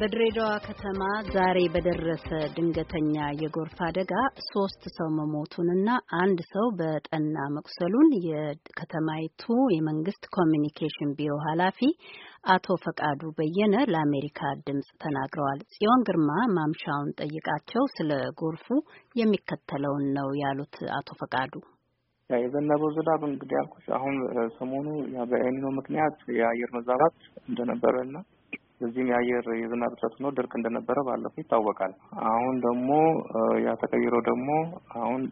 በድሬዳዋ ከተማ ዛሬ በደረሰ ድንገተኛ የጎርፍ አደጋ ሶስት ሰው መሞቱንና አንድ ሰው በጠና መቁሰሉን የከተማይቱ የመንግስት ኮሚኒኬሽን ቢሮ ኃላፊ አቶ ፈቃዱ በየነ ለአሜሪካ ድምጽ ተናግረዋል። ጽዮን ግርማ ማምሻውን ጠይቃቸው ስለ ጎርፉ የሚከተለውን ነው ያሉት አቶ ፈቃዱ። የዘነበው ዝናብ እንግዲህ ያልኩሽ አሁን ሰሞኑ በኤልኒኖ ምክንያት የአየር መዛባት እንደነበረ እና በዚህም የአየር የዝናብ እጥረት ሆኖ ድርቅ እንደነበረ ባለፈው ይታወቃል። አሁን ደግሞ ያ ተቀይሮ ደግሞ አሁን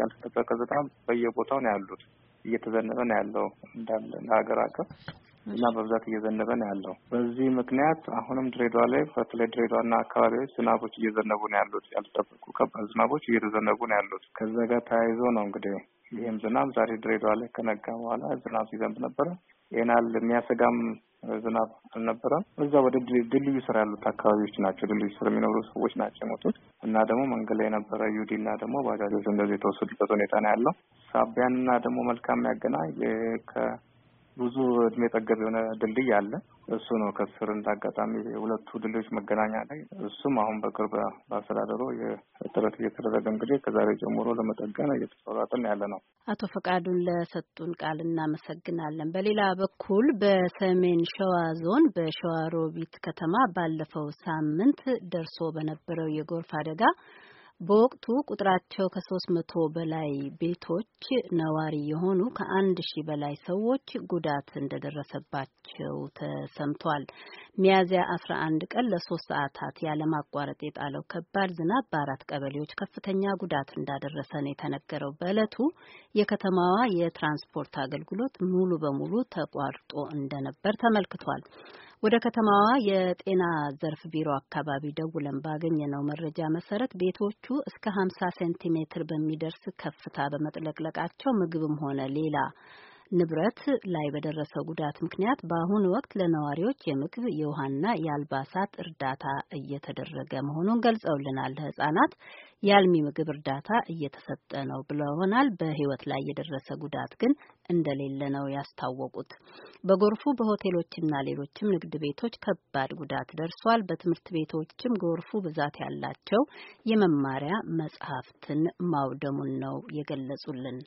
ያልተጠበቀ ዝናብ በየቦታው ነው ያሉት እየተዘነበ ነው ያለው እንዳለ ለሀገር አቀፍ እና በብዛት እየዘነበ ነው ያለው። በዚህ ምክንያት አሁንም ድሬዳዋ ላይ በተለይ ድሬዳዋና አካባቢዎች ዝናቦች እየዘነቡ ነው ያሉት። ያልተጠበቁ ከባድ ዝናቦች እየተዘነቡ ነው ያሉት። ከዛ ጋር ተያይዞ ነው እንግዲህ ይህም ዝናብ ዛሬ ድሬዳዋ ላይ ከነጋ በኋላ ዝናብ ሲዘንብ ነበረ። ይናል የሚያሰጋም ዝናብ አልነበረም። እዛ ወደ ድልድዩ ስር ያሉት አካባቢዎች ናቸው፣ ድልድዩ ስር የሚኖሩ ሰዎች ናቸው የሞቱት እና ደግሞ መንገድ ላይ የነበረ ዩዲ እና ደግሞ ባጃጆች እንደዚህ የተወሰዱበት ሁኔታ ነው ያለው። ሳቢያንና ደግሞ መልካም ያገናኝ ብዙ እድሜ ጠገብ የሆነ ድልድይ አለ። እሱ ነው ከስር እንዳጋጣሚ የሁለቱ ሁለቱ ድልድዮች መገናኛ ላይ እሱም አሁን በቅርብ በአስተዳደሩ ጥረት እየተደረገ እንግዲህ ከዛሬ ጀምሮ ለመጠገን እየተሰራጠን ያለ ነው። አቶ ፈቃዱን ለሰጡን ቃል እናመሰግናለን። በሌላ በኩል በሰሜን ሸዋ ዞን በሸዋሮቢት ከተማ ባለፈው ሳምንት ደርሶ በነበረው የጎርፍ አደጋ በወቅቱ ቁጥራቸው ከሶስት መቶ በላይ ቤቶች ነዋሪ የሆኑ ከአንድ ሺህ በላይ ሰዎች ጉዳት እንደደረሰባቸው ተሰምቷል። ሚያዝያ አስራ አንድ ቀን ለሶስት ሰዓታት ያለማቋረጥ የጣለው ከባድ ዝናብ በአራት ቀበሌዎች ከፍተኛ ጉዳት እንዳደረሰ ነው የተነገረው። በእለቱ የከተማዋ የትራንስፖርት አገልግሎት ሙሉ በሙሉ ተቋርጦ እንደነበር ተመልክቷል። ወደ ከተማዋ የጤና ዘርፍ ቢሮ አካባቢ ደውለን ባገኘነው መረጃ መሰረት ቤቶቹ እስከ 50 ሴንቲሜትር በሚደርስ ከፍታ በመጥለቅለቃቸው ምግብም ሆነ ሌላ ንብረት ላይ በደረሰው ጉዳት ምክንያት በአሁኑ ወቅት ለነዋሪዎች የምግብ የውሃና የአልባሳት እርዳታ እየተደረገ መሆኑን ገልጸውልናል። ለሕጻናት የአልሚ ምግብ እርዳታ እየተሰጠ ነው ብለውናል። በህይወት ላይ የደረሰ ጉዳት ግን እንደሌለ ነው ያስታወቁት። በጎርፉ በሆቴሎችና ሌሎችም ንግድ ቤቶች ከባድ ጉዳት ደርሷል። በትምህርት ቤቶችም ጎርፉ ብዛት ያላቸው የመማሪያ መጽሐፍትን ማውደሙን ነው የገለጹልን።